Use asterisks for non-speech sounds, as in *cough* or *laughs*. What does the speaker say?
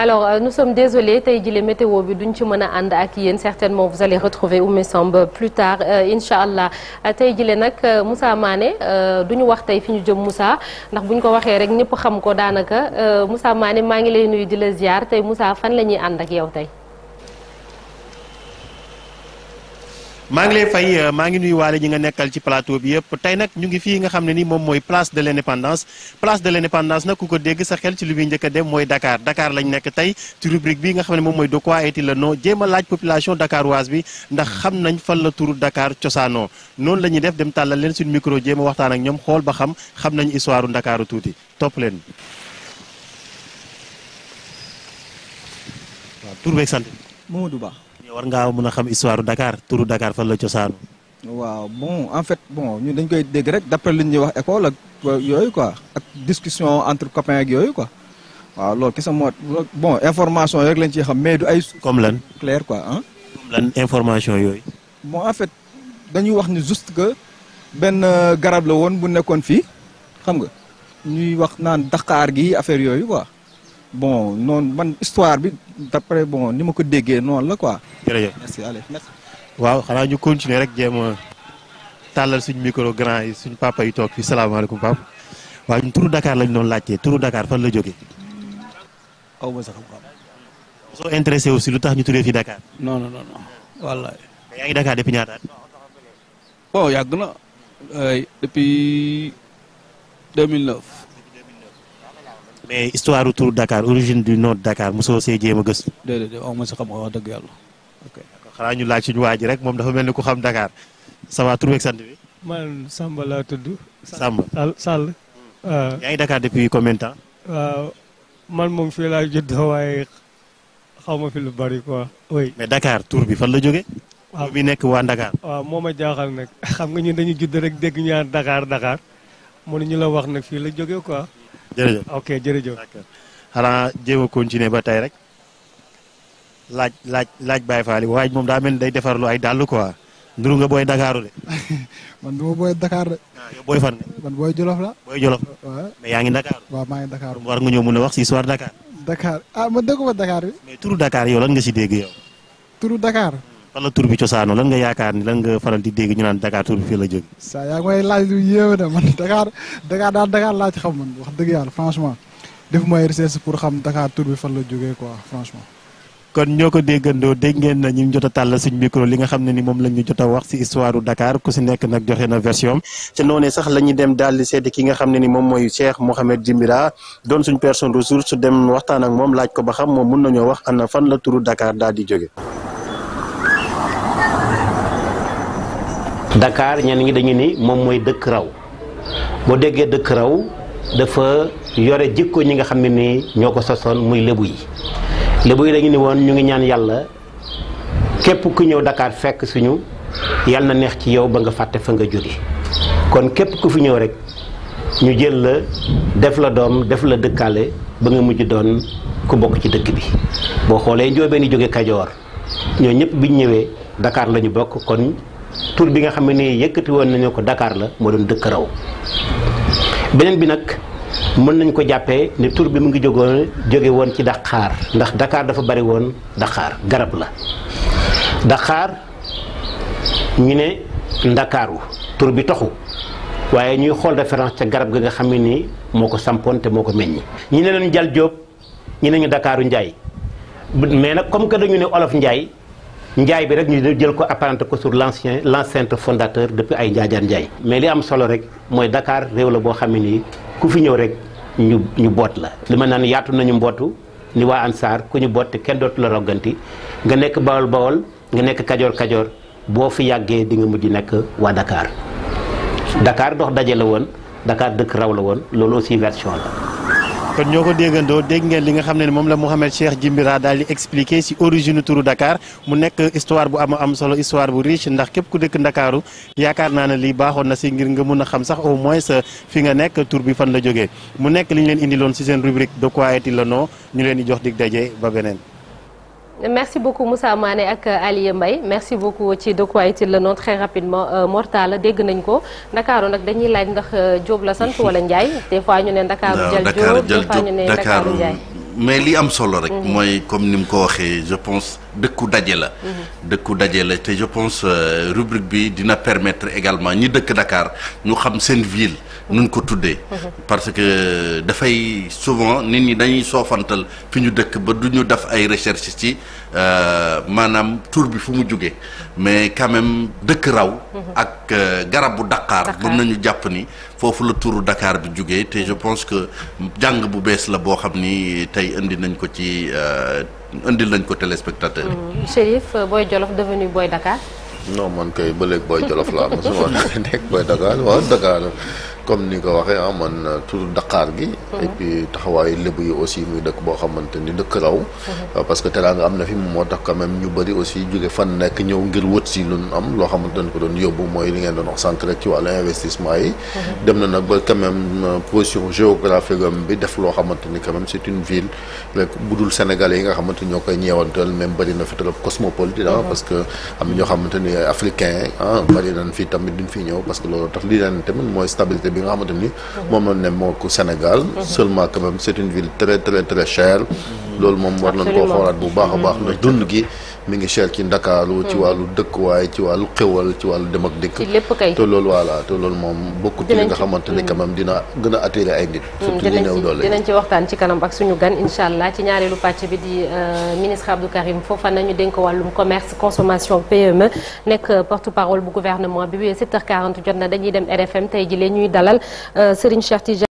alors euh, nous sommes tey jile météo bi duñ ci mën a ànd ak yéen certainement vous allez retrouver Oumé Samb plus tard euh, incha allah euh, tey jile nag euh, Moussa Mané euh, du ñu wax tey fi ñu jëm Moussa ndax bu ñu ko waxee rek ñëpp xam ko daanaka Moussa maane maa ngi lay nuyu di la ziar tey Moussa fan la ñuy ànd ak yow tey. maa ngi lay fay euh, maa ngi nuy waale ñi nga nekkal ci plateau bi yëpp tey nag ñu ngi fii nga xam ne ni moom mooy place de l'indépendance place de l'indépendance nag ku ko dégg sa xel ci li muy njëkk dem mooy Dakar Dakar lañ nekk tey ci rubrique bi nga xam ne moom mooy de quoi est-il le nom jéem a laaj population bi ndax xam nañ fan la turu dakaar cosaanoo noonu la ñuy def dem tàllal leen suñu micro jéem a waxtaan ak ñoom xool ba xam xam nañ histoire u Ndakaaru tuuti topp sant Mamadou Ba ñëw war ngaa mun a xam histoire Dakar turu dakaar fan la cosaanu. waaw bon en fait bon ñun dañ koy dégg rek d'après li ñuy wax école yooyu quoi ak discussion entre copains yooyu quoi waaw loolu kese moo bon information rek lañ ciy xam mais du ay. comme lan clair quoi information yooyu. bon en fait dañuy wax ni juste que benn garab la woon bu nekkoon fii xam nga ñuy wax naan dakaar gi affaire yooyu quoi. bon noonu man histoire bi d'après bon ni ma ko déggee noonu la quoi waaw xanaa ñu continuer rek jéem a tàllal suñ micro grand yi suñu papa yi toog fii salaamaaleykum papa. waaw ñun turu Dakar lañ doon laajtee turu Dakar fan la jógee. aw ma sax xam-xam. soo intéressé aussi lu tax ñu tuddee fii Dakar. non non non wallaay. yaa ngi Dakar depuis ñaata at. bon yàgg na. depuis 2009. mais histoire du turu Dakar origine du nom Dakar mosoo see jéem a gëstu. déedéet aw ma si xam-xam wax dëgg yàlla. ok xanaa ñu laaj suñu waa ji rek moom dafa mel ni ku xam Dakar ça va tur beeg sant bi. man Samba laa tudd. Samba Sall Sall. Hmm. yaa ngi Dakar depuis combien waaw euh, man moom fii laa juddoo waaye xaw ma fi lu bari quoi. oui mais Dakar tur bi fan la jóge waaw bi nekk waa Dakar. waaw moo ma jaaxal nag *laughs* xam nga ñun dañuy judd rek dégg ñu naan Dakar Dakar ñu la wax nag fii la jógee quoi. jërëjëf ok jërëjëf. xanaa jéem a continuer ba tey rek. laaj laaj laaj Baye Fall yi moom daa mel ni day defarlu ay dàll quoi nduru nga booy Dakaaru de. *laughs* man ma booy Dakar de. Ah, fan nga. man booy Jolof la. booy Jolof yaa ngi Dakar. waaw maa ngi Dakar war nga ñëw mun a wax si histoire Dakar. Dakar ah man dëgguma Dakar bi. mais turu si dégg yow. turu Dakar. Hmm. fan la bi cosaanoo lan nga yaakaar ni lan nga faral di dégg ñu fii la jógee. saa yaa ngi may laaj lu yéeme de man Dakar daal Dakar laa xam man wax dëgg yàlla franchement def mooy pour xam Dakar tur bi fan la jógee quoi franchement kon ñoo ko déggandoo dégg ngeen na ñu jot a tàll suñ micro li nga xam ne ni moom la ñu jot a wax si histoire u ku si nekk nag joxe na version te noonee sax la ñuy dem daal di seeti ki nga xam ne ni moom mooy Cheikh Mouhamed Djimbira doon suñ personne ressource su dem waxtaan moom laaj ko ba xam moom mun nañoo wax ana fan la turu Dakar daal di jóge Dakar ñenn ñi dañu ni moom mooy dëkk raw boo déggee dëkk raw dafa yore jikko ñi nga xam ne ni ñoo ko sosoon muy lébu yi lébu yi dañu ni woon ñu ngi ñaan yàlla képp ku ñëw dakaar fekk suñu yàlla na neex ci yow ba nga fàtte fa nga jóge kon képp ku fi ñëw rek ñu jël la def la doom def la dëkkaale ba nga mujj doon ku bokk ci dëkk bi boo xoolee njoobeen ni jóge Kajoor ñoo ñëpp ñu ñëwee dakaar lañu bokk kon tur bi nga xam ne yëkkati woon nañu ko Dakar la moo doon dëkk raw beneen bi nag mën nañ ko jàppee ne tur bi mu ngi jógoon jóge woon ci daqaar ndax Dakar dafa bari woon daqaar garab la daqaar ñu ne ndakaaru tur bi toxu waaye ñuy xool référence ca garab gi nga xam ne nii moo ko sampoon te moo ko meññ ñi ne leen jal jóob ñi ne ñu dakaaru njaay mais nag comme que dañu ne olof njaay njaay bi rek ñu jël ko apparenté ko sur l' ancien l' enceinte fondateur depuis ay njaajaan njaay mais li am solo rek mooy Dakar réew la boo xam ne nii ku fi ñëw rek ñu ñu boot la li ma naan yaatu nañu mbootu ni waa Ansaar ku ñu boot botti kenn dootu la rogganti nga nekk bawol bawol nga nekk kajoor kajoor boo fi yàggee di nga mujj nekk waa Dakar Dakar dox daje la woon Dakar dëkk raw la woon loolu aussi version la kon ñoo ko déggandoo dégg ngeen li nga xam ne ne moom la Mouhamed Cheikh Djimbira daal di expliqué si origine turu Dakar mu nekk histoire bu am am solo histoire bu riche ndax képp ku dëkk Ndakaaru yaakaar naa ne lii baaxoon na si ngir nga mun a xam sax au moins fi nga nekk tur bi fan la jógee mu nekk li ñu leen indiloon si seen rubrique de quoi est-il le nom ñu leen di jox dig daje ba beneen merci beaucoup Moussa maane ak euh, Aliou mbay merci beaucoup ci de quoi est-il le très rapidement euh, Mortala dégg nañ ko Ndakaaru nag dañuy laaj ndax euh, Diop la sant wala Ndiaye des fois ñu ne Ndakaaru jël Diop des fois ne Ndakaaru mais li am solo rek mhm. mooy comme ni mu ko waxee je pense dëkku daje la mhm. dëkku daje la te je pense rubrique bi dina permettre également ñi dëkk ndakaar ñu xam seen ville nuñ ko tuddee parce que dafay souvent nit ñi dañuy soofantal fi ñu dëkk ba du ñu def ay recherche ci euh, maanaam tur bi fu mu jógee mais quand dëkk raw ak euh, garab bu Dakar mën nañu jàpp ni foofu la turu Dakar bi jógee te je pense que jàng bu bees la boo xam ni tey indi nañ ko ci euh, indi lañ ko téléspectateur yi mm-hmm. Chérif Boy Jolof devenu Boy Dakar non man kay ba léegi Boy Jolof laa mosuma *laughs* nekk Boy Dakar waaw Dakar comme ni nga ko waxee ah man euh, turu Dakar gi et mhm. puis taxawaayu lébu yi aussi muy dëkk boo xamante ni dëkk raw mhm. euh, parce que te am na fi tax quand même ñu bëri aussi jóge fan nekk ñëw ngir wët si lu loo xamante ni ko doon yóbbu mooy li ngeen doon wax centre rek ci wàllu investissement yi mhm. dem euh, def loo xamante ni quand même c'est une ville rek bu dul sénégalais yi nga xamante ni ñoo koy ñeewantal même bëri na fi trop cosmopolite ah, que am na ñoo xamante ni africain ah bëri nañ fii tamit duñ fi ñëw parce que loolu tax li leen tamit mooy stabilité bi nga xamante ni moom la ne moo ko Sénégal seulement quand même c'est une ville très très très chère. loolu moom war nañ koo xoolaat bu baax a baax ndax mm-hmm. dund gi mi ngi cher ci ndakaaru ci mm-hmm. wàllu dëkkuwaay ci wàllu xewal ci wàllu dem ak dikk te loolu voilà te loolu moom bokku ci nga xamante ni mm-hmm. dina gën a attirer ay nit surtout ñu néew doole